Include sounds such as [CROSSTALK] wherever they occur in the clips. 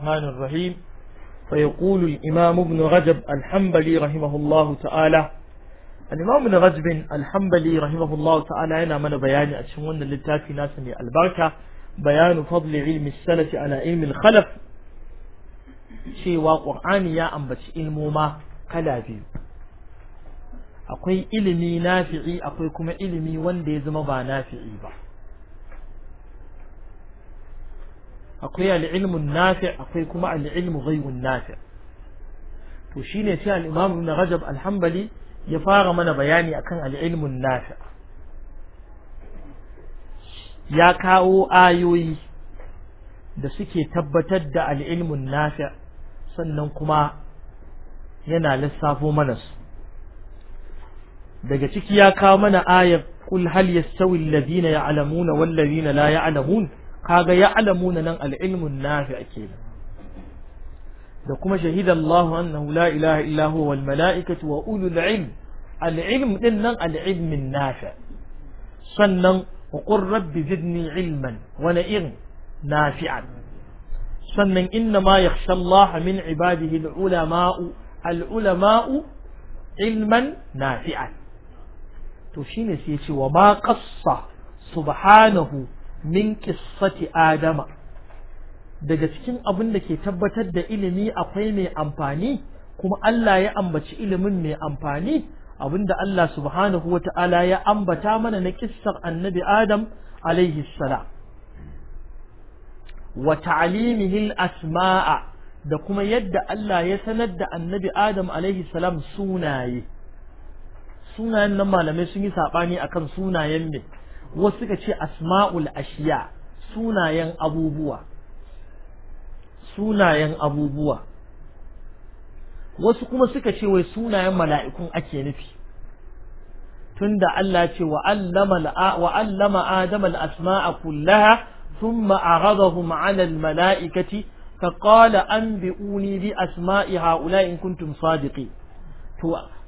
الرحمن الرحيم فيقول الإمام ابن رجب الحنبلي رحمه الله تعالى الإمام ابن رجب الحنبلي رحمه الله تعالى هنا من بيان أتشمون للتافي ناسا البركة بيان فضل علم السلف على علم الخلف cewa ƙur'ani ya ambaci ilmoma kala biyu akwai ilimi nafi'i akwai kuma ilimi wanda ya zama ba nafi'i ba akwai al'ilmu nafi akwai kuma al'ilmu ghayrun nafi to shine sai al-imam ibn rajab al-hanbali ya fara mana bayani akan al'ilmu nafi ya kawo ayoyi da suke tabbatar da al'ilmu nafi sannan kuma yana lissafo mana su daga ciki ya kawo mana ayar kul hal yastawi alladhina ya'lamuna wal ladina la ya'lamun kaga ya nan al-ilmun nafi ake da kuma shahida Allah annahu la ilaha illa huwa wal mala'ikatu wa ulul ilm al-ilm din nan al nafi sannan wa qur rabbi zidni ilman wa na'in nafi'an sannan inna ma yakhsha Allah min ibadihi al-ulama'u al-ulama'u ilman nafi'an to shine sai ya ce wa ma qassa subhanahu min qissati adama daga cikin abin da ke tabbatar da ilimi akwai mai amfani kuma Allah ya ambaci ilimin mai amfani abinda Allah subhanahu wata'ala ya ambata mana na kissar annabi Adam alaihi salam wa ta'limihi al-asma'a da kuma yadda Allah ya sanar da annabi Adam alaihi salam sunaye sunayen nan malamai sun yi sabani akan sunayen ne wasu suka ce asma'ul ashiya sunayen abubuwa sunayen abubuwa wasu kuma suka ce wai sunayen mala'ikun ake nufi tunda Allah ce wa allama Adam Asma'a asmaa kullaha thumma aghadahum 'ala al-mala'ikati فقال أنبئوني بأسماء هؤلاء إن كنتم an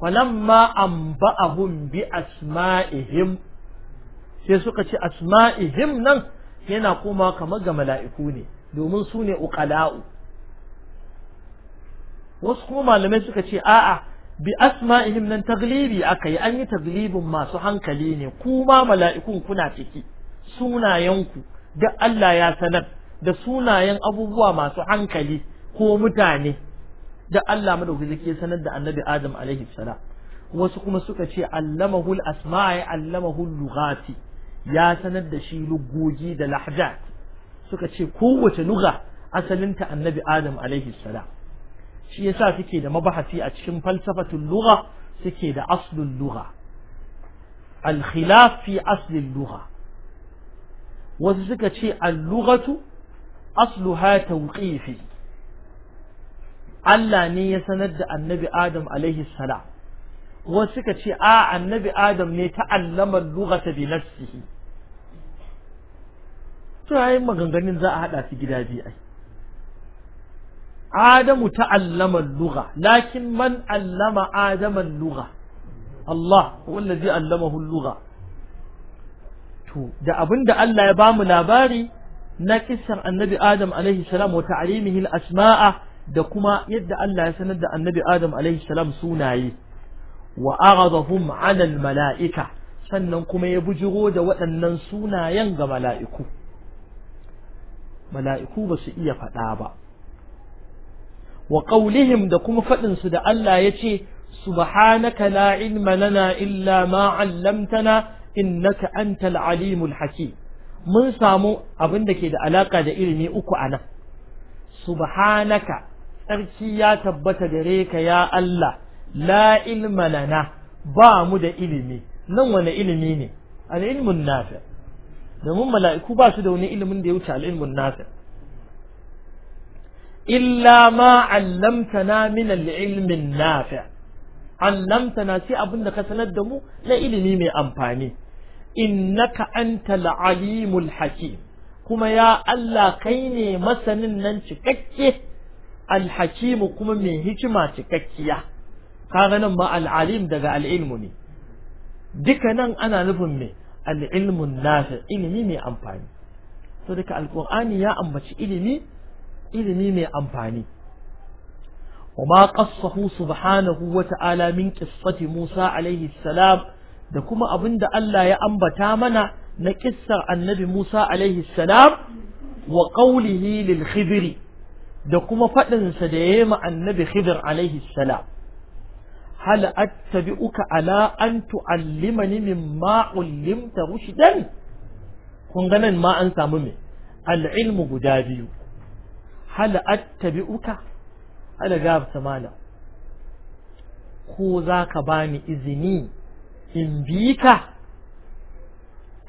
فلما bi asma'ihim sai suka ce asma'ihim nan yana koma kamar ga mala'iku ne domin su ne uqala'u wasu kuma malamai suka ce a'a bi asma'ihim nan taglibi aka yi an yi taglibin masu hankali ne kuma mala'ikun kuna ciki sunayenku da Allah ya sanar da sunayen abubuwa masu hankali ko mutane da Allah madaukaki ke sanar da annabi Adam alaihi salam wasu kuma suka ce allamahul asma'i allamahul lughati ya sanar da shi lugogi da lahjat suka ce kowace lugha asalinta annabi adam alaihi salam shi yasa suke da mabahasi a cikin falsafatul lugha suke da aslul lugha al khilaf fi aslil lugha wasu suka ce al lughatu asluha tawqifi Allah ne ya sanar da annabi adam alaihi salam wasu suka ce a annabi adam ne ta'allama lughata bi nafsihi to yayin maganganun za a hada su gida biyu ai adamu ta'allama lugha lakin man allama adama lugha Allah wallazi allamahu lugha to da abinda Allah ya bamu labari na kissan annabi Adam alaihi salam wa ta'limihi al-asma'a da kuma yadda Allah ya sanar da annabi Adam alaihi salam sunaye wa aghadahum malaika sannan kuma ya bujiro da waɗannan sunayen ga mala'iku mala'iku ba su iya faɗa ba wa qawlihim da kuma faɗin su da Allah ya ce subhanaka la ilma lana illa ma 'allamtana innaka antal alimul haki mun samu abin da ke da alaƙa da ilimi uku a nan subhanaka tsarki ya tabbata gare ka ya Allah la ilma lana ba mu da ilimi nan wani ilimi ne al-ilmun nafi domin mala'iku ba su da wani ilimin da ya wuce al-ilmun nafi illa ma 'allamtana min al-ilmin nafi 'allamtana sai da ka sanar da mu na ilimi mai amfani innaka antal alimul hakim kuma ya Allah kai ne masanin nan cikakke al kuma mai hikima cikakkiya kaga nan ma al'alim daga al'ilmu ne duka nan ana nufin me al'ilmun nafi ilimi mai amfani to duka ya ambaci ilimi ilimi mai amfani وما قصه سبحانه وتعالى من قصة Musa عليه السلام da kuma abin da Allah ya ambata mana na kissar annabi Musa alaihi salam wa qawlihi lil da kuma faɗinsa da ya yi annabi khidr alaihi salam hal attabi'uka ala an tu'allimani mimma ullimta rushdan kun ga nan ma an samu me al-ilmu guda biyu hal attabi'uka ala gabta mala ko zaka bani izini in bi ka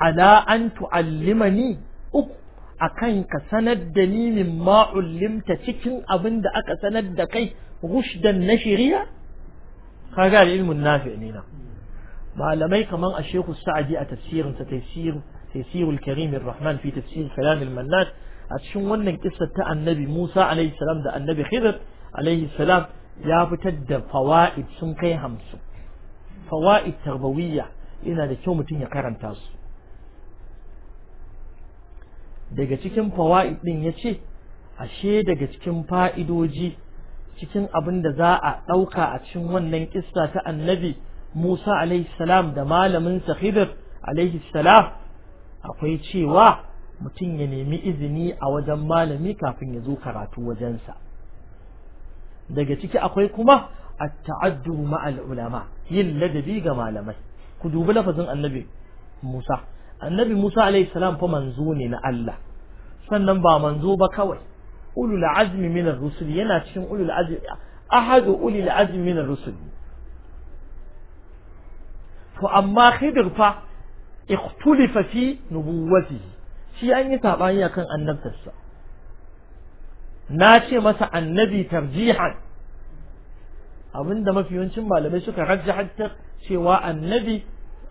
ala an tu'allimani uku akan ka sanar da ni min ma'ullimta cikin abin da aka sanar da kai rushdan na shari'a kaga da ilmun nafi' ne nan malamai kaman a Sheikh Sa'di a tafsirin sa tafsir tafsirul Karim ar-Rahman fi tafsir kalam al a cikin wannan kissa ta Annabi Musa alaihi salam da Annabi Khidir alaihi salam ya fitar da fawaid sun kai hamsin fawaid tarbawiyya yana da kyau mutum ya karanta su daga cikin fawaid din yace ashe daga cikin fa'idoji cikin abin da za a ɗauka a cikin wannan kissa ta annabi Musa alaihi da malamin sa Khidir akwai cewa mutum ya nemi izini a wajen malami kafin ya zo karatu wajensa daga ciki akwai kuma at-ta'addu ma'al ulama yin ladabi ga malamai ku dubi lafazin annabi Musa annabi Musa alaihi fa manzo ne na Allah sannan ba manzo ba kawai ulul azmi min ar-rusul yana cikin ulul azmi ahadu ulul azmi min ar-rusul to amma khidir fa ikhtulifa fi nubuwwatihi shi an yi sabani akan annabtarsa na ce masa annabi tarjihan abinda mafi malamai suka rajjahantar cewa annabi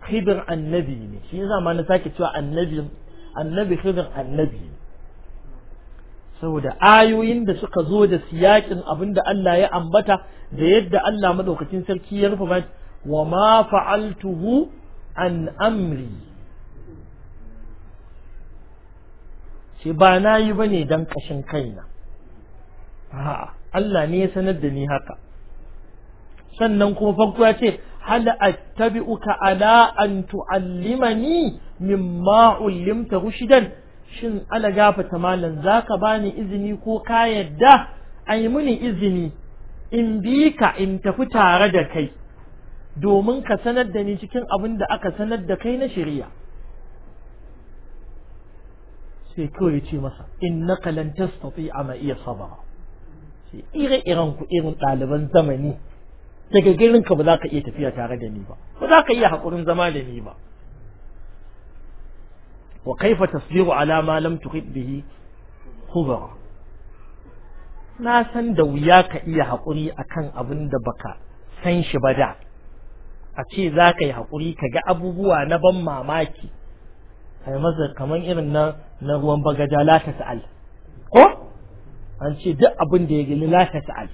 khidir annabi ne shi yasa na sake cewa annabi annabi khidir annabi ne saboda ayoyin da suka zo da siyakin abin da Allah ya ambata da yadda Allah madaukakin sarki ya rufe ba wa ma fa'altuhu an amri ce ba na yi ba ne don ƙashin kaina Allah ne ya sanar da ni haka sannan kuma farko ya ce hal attabi'uka ala an tu'allimani mimma ullimta rushdan shin ana gafata malam zaka bani izini ko ka yadda yi muni izini in bi ka in tafi tare da kai domin ka sanar da ni cikin abin da aka sanar da kai na shirya. sai kawai ce masa in innaka lan a ma iya saba sai ire-iren ku irin ɗaliban zamani daga girinka ka ba za ka iya tafiya tare da ni ba ba za ka iya haƙurin zama da ni ba wa kaifa tasbiru ala ma lam tuhit bihi khubara na san da wuya ka iya haƙuri akan abin da baka san shi ba da a ce za ka yi haƙuri ka ga abubuwa na ban mamaki a masa kamar irin na na ruwan bagaja la ta sa'al ko an ce duk abin da ya gani la ta sa'al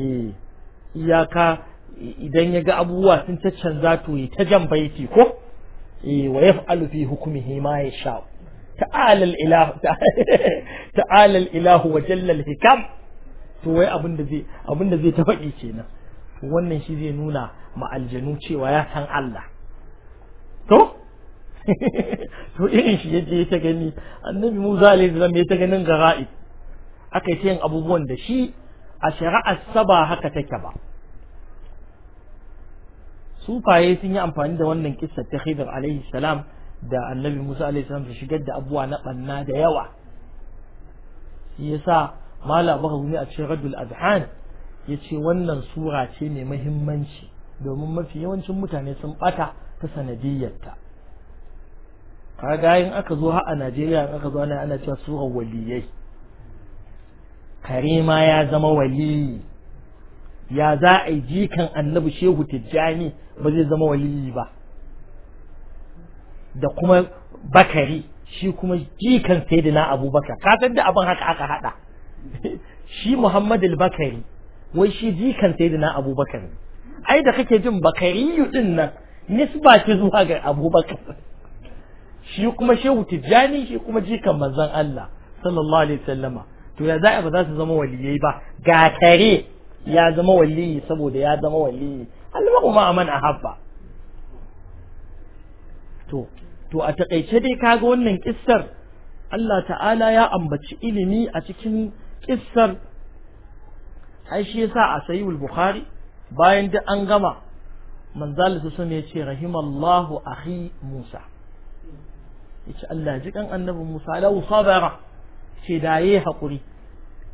eh iyaka idan ya ga abubuwa sun ta canza to ya ta jan baiti ko wa yaf'alu fi hukmihi ma yasha ta'ala al-ilah ta'ala al-ilah wa jalla al-hikam to wai abin da zai abin da zai ta kenan wannan shi zai nuna ma aljanu cewa ya san Allah to to irin shi yaje ta gani annabi Musa alaihi salam ya ta ganin gara'ib aka yi yin abubuwan da shi a shari'a saba haka take ba sufaye sun yi amfani da wannan kissa ta Khidir alaihi salam da Annabi Musa alaihi salam su shigar da abuwa na banna da yawa shi yasa malam Bahawuni a cikin Radul Adhan yace wannan sura ce mai muhimmanci domin mafi yawancin mutane sun bata ta sanadiyyarta kaga in aka zo ha a Najeriya in aka zo ana ana cewa surar waliyai kare ma ya zama waliyi ya za a yi jikan annabi shehu tijjani ba zai zama waliyi ba da kuma bakari shi kuma jikan sayyidina abubakar ka san da abin haka aka hada [LAUGHS] shi muhammad al-bakari wai shi jikan sayyidina abubakar ai da kake jin Bakari din nan nisba ce zuwa ga abubakar shi kuma shehu tijjani shi kuma jikan manzon Allah sallallahu alaihi wasallama to ya a ba za su zama waliyai ba ga tare ya zama waliyi saboda ya zama waliyi almaru ma man ahabba to to a taƙaice dai kaga wannan kissar Allah ta'ala ya ambaci ilimi a cikin kissar ai shi yasa a sahihul bukhari bayan da an gama manzal su sun yace rahimallahu akhi musa yace Allah ji kan annabi musa lau sabara ce da yayi hakuri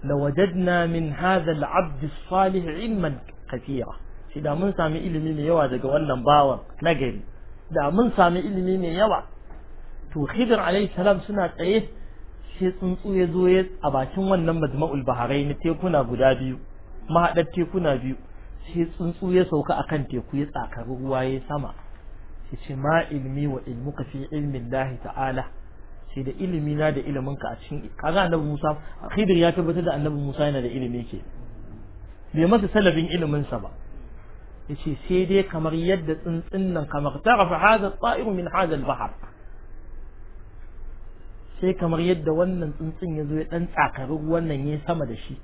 لوجدنا من هذا العبد الصالح علما كثيرا shi da mun sami ilimi mai yawa daga wannan bawan gari. da mun sami ilimi mai yawa to khidir alayhi salam suna tsaye sai tsuntsu ya zo a bakin wannan majma'ul baharai tekuna guda biyu mahaɗar tekuna biyu sai tsuntsu ya sauka akan teku ya tsakari ruwa ya sama ya ce ilmi wa ilmu fi ilmin lahi ta'ala sai da ilimi na da ilimin ka a cikin kaga annabi Musa Khidir ya tabbatar da annabi Musa yana da ilimi ke bai masa salafin ilimin sa ba yace sai dai kamar yadda tsuntsun nan kamar tarafa hadha ta'iru min hadha al-bahr sai kamar yadda wannan tsuntsun ya zo ya dan tsakari wannan ya sama da shi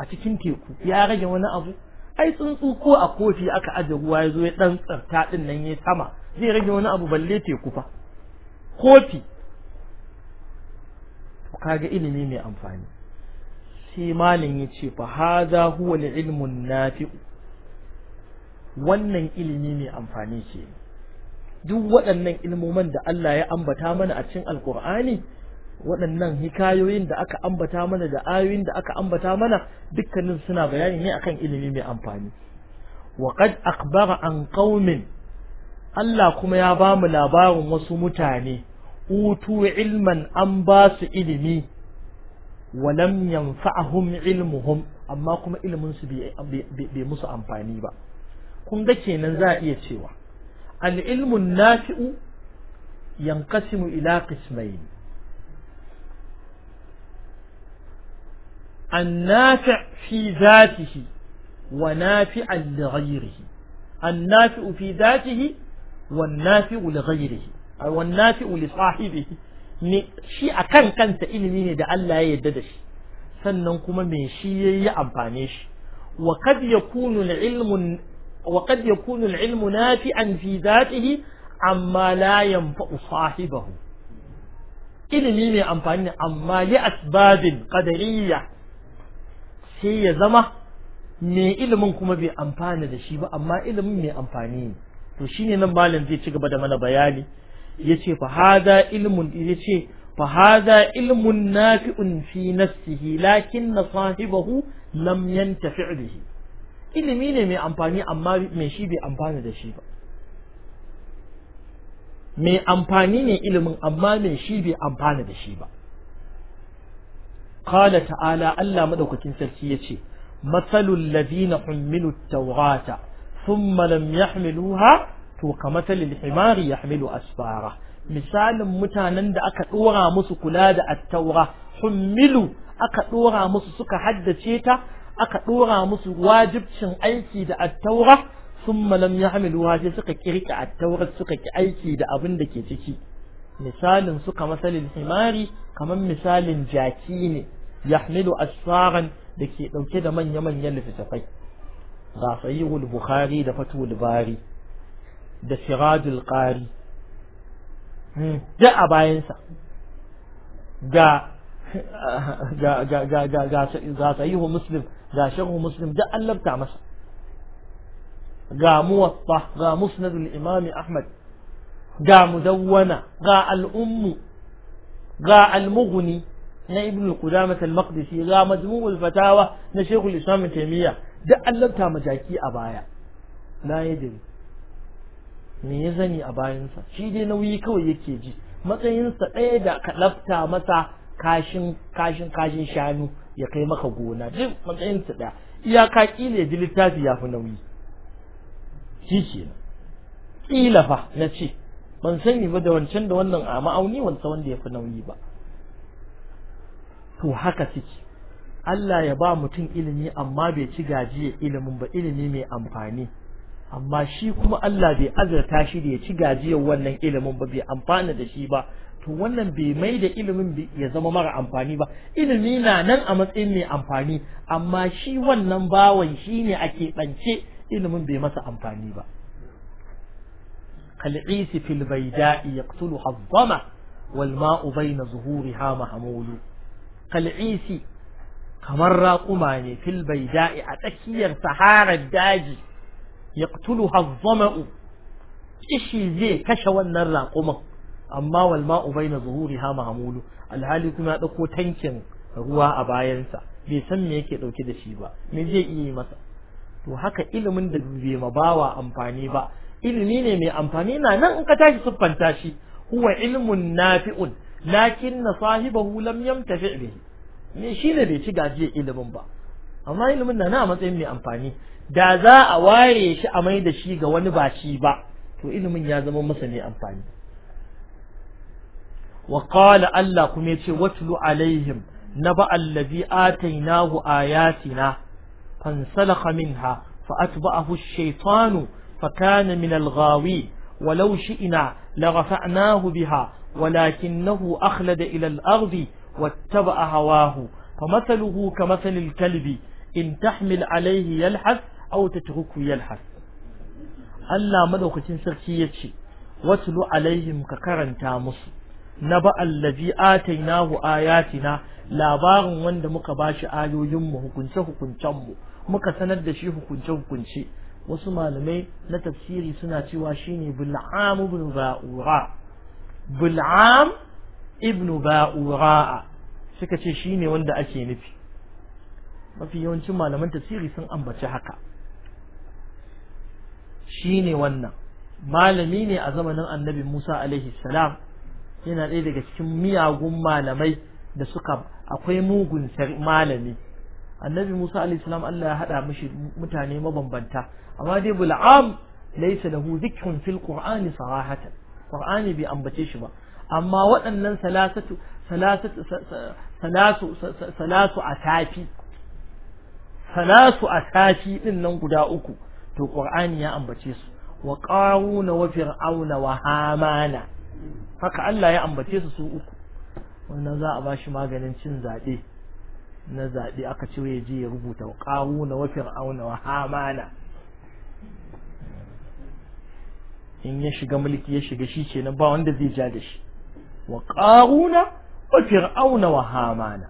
a cikin teku ya rage wani abu ai tsuntsu ko a kofi aka aje ruwa ya zo ya dan tsarta din nan ya sama zai rage wani abu balle teku fa kofi kaga ilimi mai amfani sai malin ya ce fa haza huwa ilmun nafi wannan ilimi mai amfani ce. duk waɗannan ilmoman da Allah ya ambata mana a cikin alkur'ani waɗannan hikayoyin da aka ambata mana da ayoyin da aka ambata mana dukkanin suna bayani ne akan ilimi mai amfani wa qad akhbara an qaumin Allah kuma ya ba mu labarin wasu mutane utu ilman an ba su ilimi walam yanfa'ahum ilmuhum amma kuma ilimin su bai musu amfani ba kun ga kenan za a iya cewa al ilmun nafi'u yanqasimu ila qismayn النافع في ذاته ونافعا لغيره النافع في ذاته والنافع لغيره wan nafi'u li ni shi akan kansa ilimi ne da Allah ya yarda da shi sannan kuma me shi yayi amfane shi wa kad yakunu al wa kad yakunu al nafi'an fi dhatihi amma la yanfa'u sahibahu ilimi mai amfani amma li asbabin qadariyya sai ya zama me ilimin kuma bai amfana da shi ba amma ilimin mai amfani ne to shine nan malam zai ci gaba da mana bayani yace fa hadha ilmun yace fa hadha ilmun nafi'un fi nafsihi lakin na sahibahu lam yantafi' bihi ilimi ne mai amfani amma mai shi bai amfana da shi ba mai amfani ne ilimin amma mai shi bai amfana da shi ba qala ta'ala Allah madaukakin sarki yace masalul ladina hummilut tawrata thumma lam yahmiluha to kamatalil himari yahmilu asfara misalin mutanen da aka dora musu kula da attaura hummilu aka dora musu suka haddace ta aka dora musu wajibcin aiki da attaura thumma lam yahmiluha sai suka kirki attaura suka ki aiki da abin da ke ciki misalin suka masalin himari kamar misalin jaki ne yahmilu asfaran da ke dauke da manya-manyan littattafai ga sahihul bukhari da fatul bari da siradul qari da bayan sa ga ga ga ga ga ga ga sahihu muslim ga sharhu muslim da allabta masa ga muwatta ga musnadul imam ahmad ga mudawwana ga al umm ga al-mughni na ibn al qudamah al-maqdisi ga majmu' al fatawa na shaykh al islam taymiya da allabta majaki a baya la yadin me ya zani a bayansa shi dai nauyi kawai yake ji matsayinsa ɗaya da ka lafta masa kashin kashin shanu ya kai maka gona duk matsayinsa ɗaya iyaka ƙila ya ji littafi ya fi nauyi shi kenan ƙila fa na ce ban sani ba da wancan da wannan a ma'auni wanda wanda ya fi nauyi ba to haka suke Allah ya ba mutum ilimi amma bai ci gajiya ilimin ba ilimi mai amfani amma shi kuma Allah bai azurta shi da ya ci gajiyar wannan ilimin ba bai amfana da shi ba to wannan bai mai da ilimin ya zama mara amfani ba ilimi na nan a matsayin mai amfani amma shi wannan bawan shi ne ake ɓance ilimin bai masa amfani ba kal'isi fil baida'i yaqtulu hazzama wal ma'u bayna ha mahmulu kal'isi kamar raƙuma ne fil baida'i a tsakiyar saharar daji Yaktulu az ishi zai kashe wannan raƙumin amma wal ma'u baina zuhuriha mahmulu alhali kuma dauko tankin ruwa a bayansa bai san me yake dauke da shi ba me zai iya yi masa to haka ilimin da bai ma bawa amfani ba ilimi ne mai amfani na nan in ka tashi siffanta shi huwa ilmun nafi'un lakin na sahibahu lam yamtafi bihi ne bai ci gaje ilimin ba amma ilimin na na matsayin mai amfani da za a ware shi a mai da shi ga wani ba shi ba to ilimin ya zama masa ne amfani wa qala Allah kuma yace watlu alaihim naba allazi atainahu ayatina fansalakha minha fa fa atba'ahu ash-shaytanu kana min al-ghawi فكان من الغاوي ولو شئنا لرفعناه بها ولكنه أخلد إلى الأرض واتبع هواه kamathali al-kalbi in tahmil alayhi يلحث aw tatruku yalhas Allah madaukakin sarki yace watlu alaihim ka karanta musu naba allazi atainahu ayatina labarin wanda muka bashi ayoyin mu hukunce hukuncen mu muka sanar da shi hukunce hukunce wasu malamai na tafsiri suna cewa shine bul'am ibn ba'ura bul'am ibn ba'ura suka ce shine wanda ake nufi mafi yawancin malaman tafsiri sun ambaci haka shine wannan malami ne a zamanin annabi Musa alaihi salam yana ɗaya daga cikin miyagun malamai da suka akwai mugun malami annabi Musa alaihi salam Allah ya hada mishi mutane mabambanta amma dai bul'am laysa lahu dhikrun fil qur'ani sarahatan qur'ani bai ambace shi ba amma waɗannan salasatu salasatu salasu salasu atafi salasu atafi din nan guda uku to qur'ani ya ambace su wa qaruna wa fir'auna wa hamana haka Allah ya ambace su su uku wannan za a bashi maganin cin zabe na zabe aka ce ya je ya rubuta wa qaruna wa fir'auna wa hamana in ya shiga mulki ya shiga shi kenan ba wanda zai ja da shi wa qaruna wa fir'auna wa hamana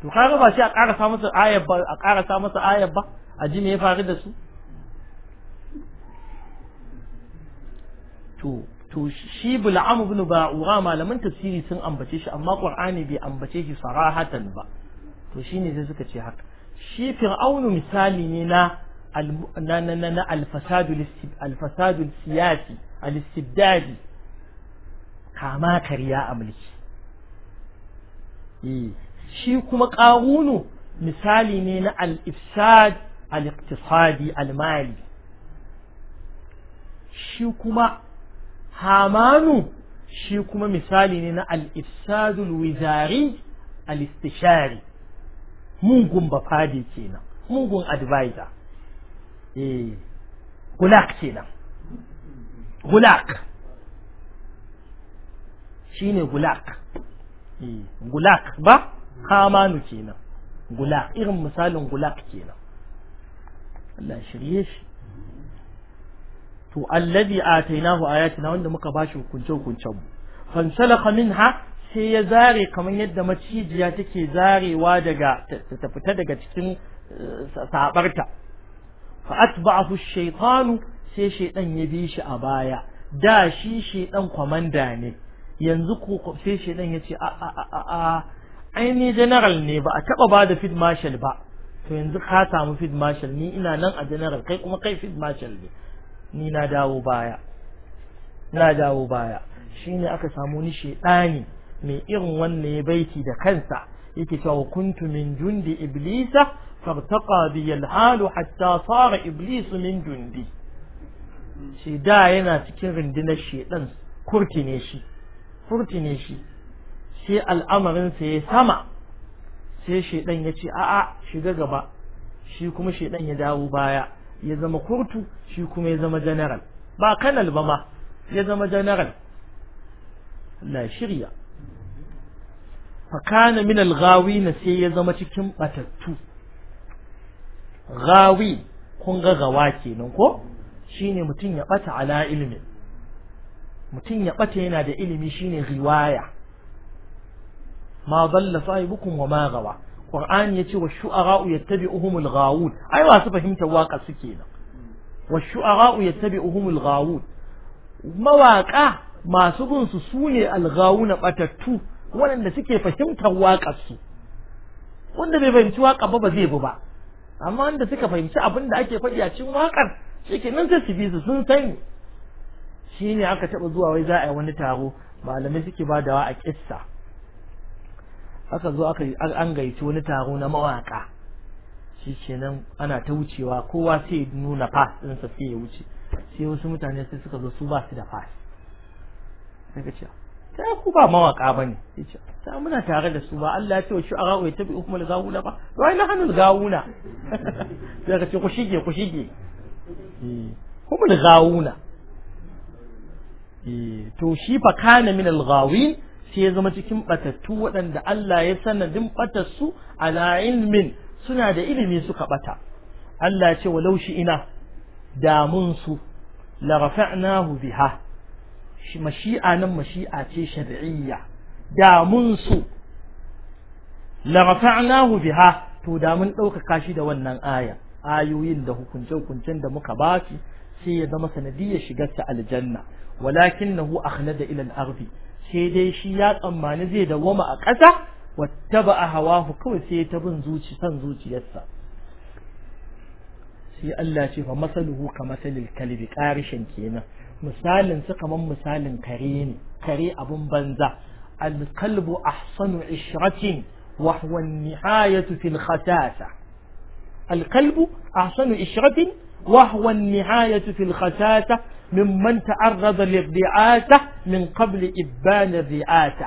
to kaga ba shi a karasa masa ayar ba a karasa masa ayar ba a ji ne ya faru da su to to shi bul'am ibn ba'ura malaman tafsiri sun ambace shi amma qur'ani bai ambace shi sarahatan ba to shine sai suka ce haka shi fir'aunu misali ne na na na na al-fasadul al siyasi al-istibdadi kama kariya a mulki eh, shi kuma qarunu misali ne na al-ifsad al-iqtisadi al-mali shi kuma hamanu shi kuma misali ne na al-ifsadul wizari al-istishari mungun bafadi kenan mungun advisor eh gulak kenan gulak shine gulak eh, gulak ba hamanu kenan gulak irin misalin gulak kenan Allah shirye shi to allazi atainahu ayatina wanda muka bashi hukunce hukuncen mu fansalakha minha sai ya zare kamar yadda macijiya take zarewa daga ta fita daga cikin eh, sabarta fa atba'ahu shaytanu sai shaydan ya bi shi a baya da shi shaydan komanda ne yanzu ko sai shaydan ya ce a a a a general ne ba a taba ba da field marshal ba to yanzu ka samu field marshal ni ina nan a general kai kuma kai field marshal ne ni na dawo baya na dawo baya shine aka samu ni shedani mai irin wannan baiti da kansa yake cewa kuntu min jundi iblisa fartaqa bi alhalu hatta sara iblis min jundi shi da yana cikin rundunar shedan kurtine shi kurtine shi sai al'amarin sa ya sama sai shedan ya ce a'a shiga gaba shi kuma shedan ya dawo baya ya zama kurtu shi kuma ya zama general ba kanal ba ma ya zama general la shirya fa kana min al na sai ya zama cikin batattu ghawi kun ga gawa kenan ko shine mutum ya bata ala ilmi mutum ya bata yana da ilimi shine riwaya ma dalla sahibukum wa ma gawa qur'ani yace wa shu'ara'u yattabi'uhumul ghawun ai wasu fahimtar waka suke nan wa shu'ara'u yattabi'uhumul ghawun mawaka masu bin su sune al-ghawuna batattu waɗanda suke fahimtar waƙar su wanda bai fahimci waka ba ba zai bi ba amma wanda suka fahimci abin da ake faɗi a cikin waƙar nan sai su bi su sun sani shine aka taɓa zuwa wai za a yi wani taro malamai suke badawa a kissa aka zo aka an gaici wani taro na mawaka shi kenan ana ta wucewa kowa sai ya nuna pass ɗinsa sai ya wuce sai wasu mutane sai suka zo su ba su da pass daga ce ta ku ba mawaka ba ne ya ta muna tare da su ba Allah ya ce wa shu'ara ya tabi da gawuna ba to ai na hannun gawuna [LAUGHS] sai ka ce ku shige ku shige da eh, gawuna eh, to shi fa kana min al-ghawin sai ya zama cikin batattu waɗanda Allah ya sanadin batarsu a ilmin suna da ilimi suka bata Allah ce wa laushi ina Damunsu. su biha mashi'a nan mashi'a ce shar'iyya Damunsu. su biha to damun ɗaukaka shi da wannan aya ayoyin da hukunce-hukuncen da muka basu sai ya zama sanadiyar ta aljanna Walakin walakinnahu akhlada da al-ardi sai dai shi ya tsammani zai dawwama a ƙasa wattaba a hawahu kawai sai ta bin zuci san zuciyarsa sai Allah ce fa masaluhu ka masalil kalbi karishin kenan misalin su kaman misalin kare ne kare abun banza al kalbu ahsanu ishratin wa huwa an-nihayatu fil khatasa al kalbu ahsanu ishratin wa huwa an-nihayatu fil khatasa ممن تعرض للرعاسة من قبل إبان الرعاسة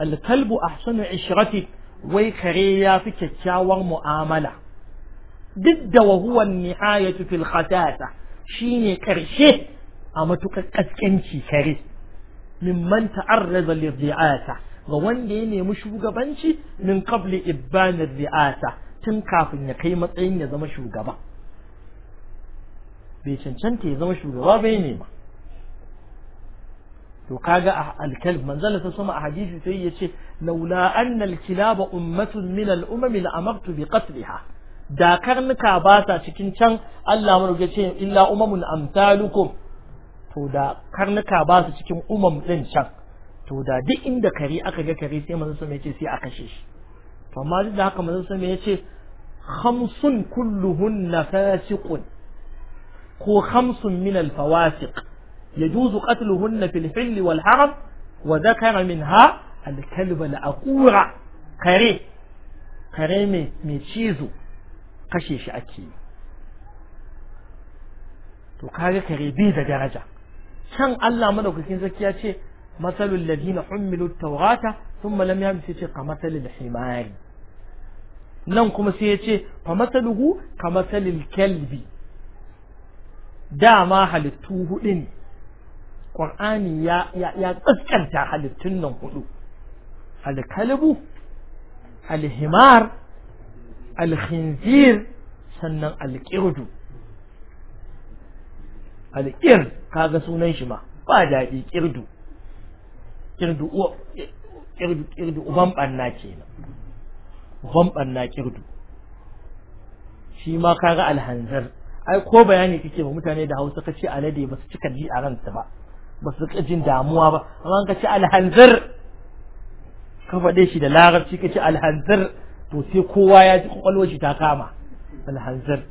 الكلب أحسن عشرتي ويخريا في كتشاور مؤاملة ضد وهو النهاية في الخساسة شيني كرشي أما كنشي كري ممن تعرض للرعاسة ga wanda ya nemi shugabanci min qabli ibban ar-ri'asa tun kafin ya kai bai cancanta ya zama shugaba bai ne ba to kaga alkalb manzala ta sama a hadisi sai ya ce laula annal kilaba ummatun min al umami la amartu bi qatliha da karnuka ba ta cikin can Allah mun ga ce illa umamun amsalukum to da karnuka ba su cikin umam din can to da duk inda kare aka ga kare sai manzon sama ce sai a kashe shi to amma duk da haka manzon sama ya ce khamsun kulluhunna fasiqun ko khamsun min al yajuzu qatluhunna hunna hill wal haram wa dhakara minha al-kalb al-aqura kare kare mai mai cizo kashe shi ake to kare kare bi da daraja can Allah madaukakin sarki ya ce masalul ladina hummilu tawrata thumma lam yamsu ce kamasalil himari nan kuma sai ya ce fa masaluhu dama halittu hudu ne ƙur'ani ya ya halittun nan hudu alkalibu alhimar alhinzir, sannan alƙirdu alƙir kaga sunan shi ma ba daɗi ƙirdu ƙirdu uban ɓanna kenan uban ɓanna ƙirdu shi ma kaga alhanzar ai ko bayani kike ba mutane da hausa ka ce alade ba su cika ji a ransa ba ba su cika jin damuwa ba amma ka ce alhanzir ka faɗe shi da larabci ka ce alhanzir to sai kowa ya ji kwakwalwar shi ta kama alhanzir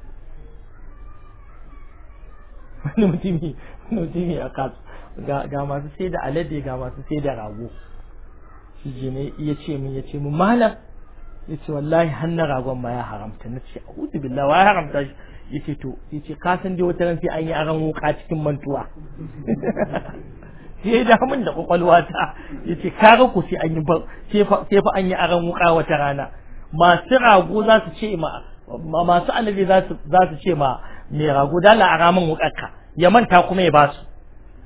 [LAUGHS] wani mutumi wani mutumi a kasu ga masu sai da alade ga masu sai da rago shi je ne ya ce min ya ce min malam ya ce wallahi hannu ragon ma ya haramta na ce a hudu billah wa ya haramta shi yace to yace ka san dai wata ran sai an yi aran wuka cikin mantuwa sai da mun da kwakwalwa ta yace ka ga ku sai an yi sai fa an yi aran wuka wata rana masu rago za su ce ma masu annabi za su za su ce ma mai rago dala a ramin wukarka ya manta kuma ya basu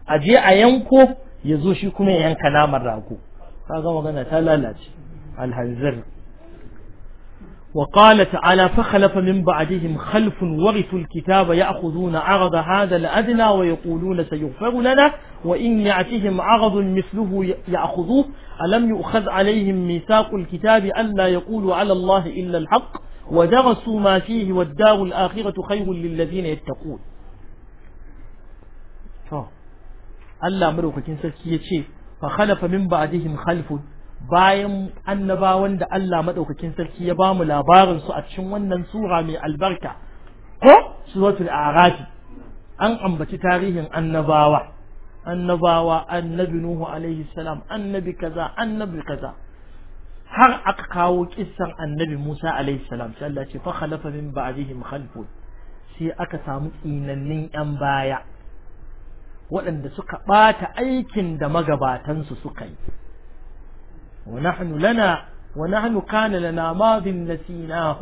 a je a yanko ya zo shi kuma ya yanka naman rago Ka ka magana ta lalace alhanzir وقال تعالى فخلف من بعدهم خلف ورثوا الكتاب يأخذون عرض هذا الأدنى ويقولون سيغفر لنا وإن يعتهم عرض مثله يأخذوه ألم يؤخذ عليهم ميثاق الكتاب ألا يقولوا على الله إلا الحق ودرسوا ما فيه والدار الآخرة خير للذين يتقون ألا madaukakin فخلف من بعدهم خلف bayan annabawan da Allah madaukakin sarki ya bamu labarin su a cikin wannan sura mai albarka ko suratul a'raf an ambaci tarihin annabawa annabawa annabi nuhu alaihi salam annabi kaza annabi kaza har aka kawo kissan annabi Musa alaihi salam sai Allah ce fa khalafa min ba'dihim khalfun sai aka samu tsinannin yan baya waɗanda suka ɓata aikin da magabatansu suka yi ونحن لنا ونحن كان لنا ماض نسيناه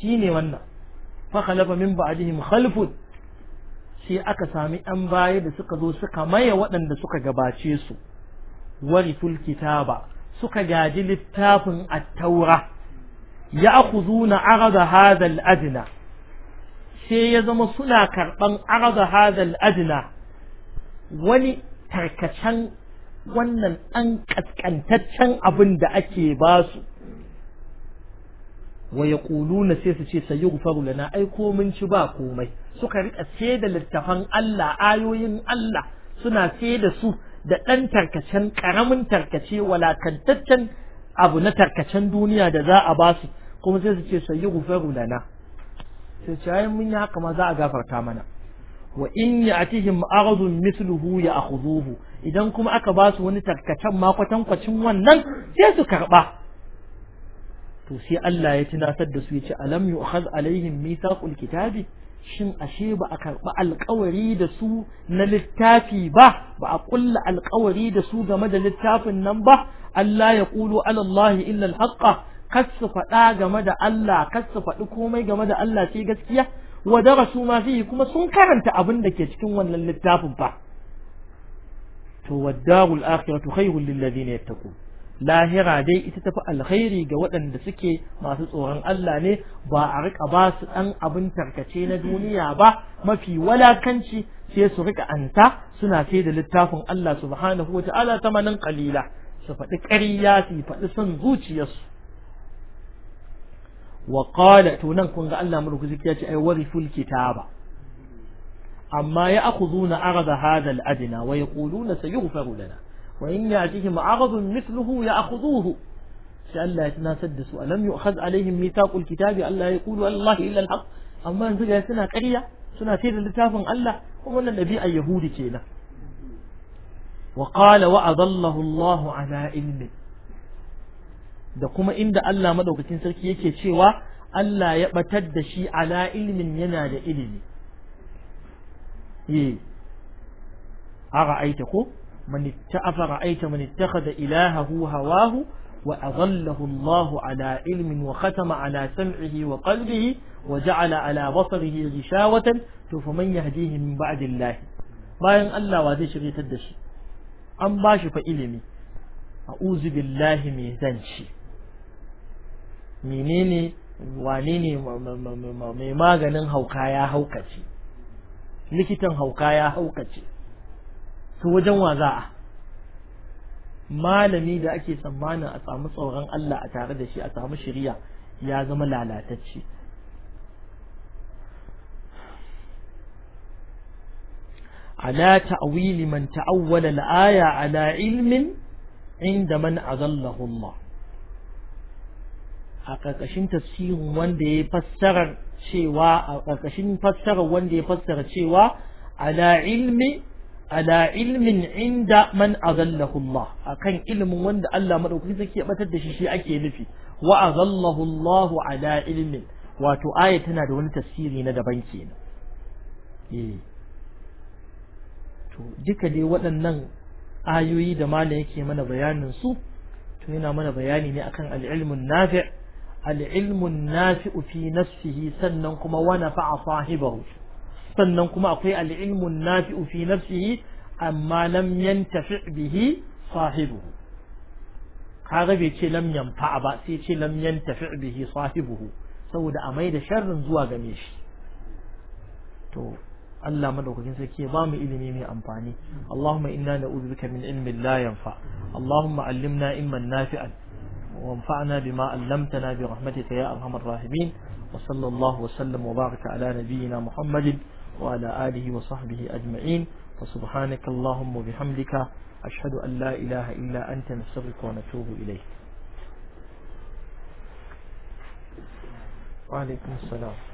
شيني ونا فخلف من بعدهم خلف sai aka sami ‘yan baya da suka zo suka maye waɗanda suka gabace su, wariful kitaba suka gaji littafin attaura, ya aku zuna arada hadal adina, sai ya zama suna karɓan arada hadal adina wani tarkacen wannan ɗan ƙasƙantaccen abin da ake ba su wa ya na sai su ce sayi gufaru lana ai mun ci ba komai suka riƙa sai da littafan Allah ayoyin Allah suna sai da su da ɗan tarkacen ƙaramin tarkace walakantaccen abu na tarkacen duniya da za a ba su kuma sai su ce sayi gufaru lana sai ce ai mun yi haka za a gafarta mana wa in ya'tihim aghdun mithluhu ya'khudhuhu idan kuma aka ba su wani tarkacen ma kwatankwacin wannan sai su karba to sai Allah ya tunasar da su ya ce alam yu'khadh alaihim mithaqul kitabi shin ashe ba a karba alƙawari da su na littafi ba ba a kulla alƙawari da su game da littafin nan ba Allah ya qulu ala Allah illa al kasu faɗa game da Allah kasu faɗi komai game da Allah sai gaskiya wa darasu ma fihi kuma sun karanta abin da ke cikin wannan littafin fa to waddarul akhiratu khairul lil ladina yattaqun lahira dai ita tafi alkhairi ga waɗanda suke masu tsoron Allah ne ba a rika ba su ɗan abin tarkace na duniya ba mafi walakanci sai su rika anta suna sai da littafin Allah subhanahu wa ta'ala tamanin qalila su faɗi ƙarya su faɗi son zuciyarsu وقال تونان كون الله ملوك زكية أي ورثوا الكتاب أما يأخذون عرض هذا الأدنى ويقولون سيغفر لنا وإن يأتيهم عرض مثله يأخذوه شألا يتناسد سؤال لم يؤخذ عليهم ميثاق الكتاب ألا يقولوا الله إلا الحق أما أنزل يا سنة كرية سنة سيد لتافا ألا ومن النبي اليهودي كينا وقال وأضله الله على علمه da kuma inda Allah madaukakin sarki yake cewa Allah ya batar da shi ala ilmin yana da ilimi eh ara ko man ittafa ra'aita man ittakhadha ilahahu hawahu wa adallahu Allah ala ilmin wa khatama ala sam'ihi wa qalbihi wa ja'ala ala basarihi ghishawatan to faman yahdihi min ba'dillahi bayan Allah wa zai shiryatar da shi an bashi fa ilimi a'udhu billahi mai zanci menene wane ne mai maganin hauka ya haukace likitan hauka ya haukace to wajen wa za a malami da ake tsammanin a samu tsoron Allah a tare da shi a samu shirya ya zama lalatacce ala ta'wili man ta'awwala al-aya ala ilmin inda man azallahu Allah a ƙarƙashin tafsirin wanda ya fassara cewa a ƙarƙashin fassara wanda ya fassara cewa ala ilmi ala ilmin inda man azallahu Allah akan ilmin wanda Allah madaukaki zai batar da shi shi ake nufi wa azallahu ala ilmin wato aya tana da wani tafsiri na daban kenan eh to duka dai waɗannan ayoyi da malam yake mana bayanin su to yana mana bayani ne akan al-ilmun nafi' العلم النافع في نفسه سننكم ونفع صاحبه سننكم أقوي العلم النافع في نفسه أما لم ينتفع به صاحبه kaga bai ce lam fa'a ba sai ce lam yantafi bihi sahibuhu saboda a mai da sharrin zuwa game shi to Allah madaukakin sarki ya bamu ilimi mai amfani Allahumma inna na'udhu bika min ilmin la yanfa Allahumma allimna ilman nafi'an وانفعنا بما علمتنا برحمتك يا أرحم الراحمين وصلى الله وسلم وبارك على نبينا محمد وعلى آله وصحبه أجمعين وسبحانك اللهم وبحمدك أشهد أن لا إله إلا أنت نستغفرك ونتوب إليك وعليكم السلام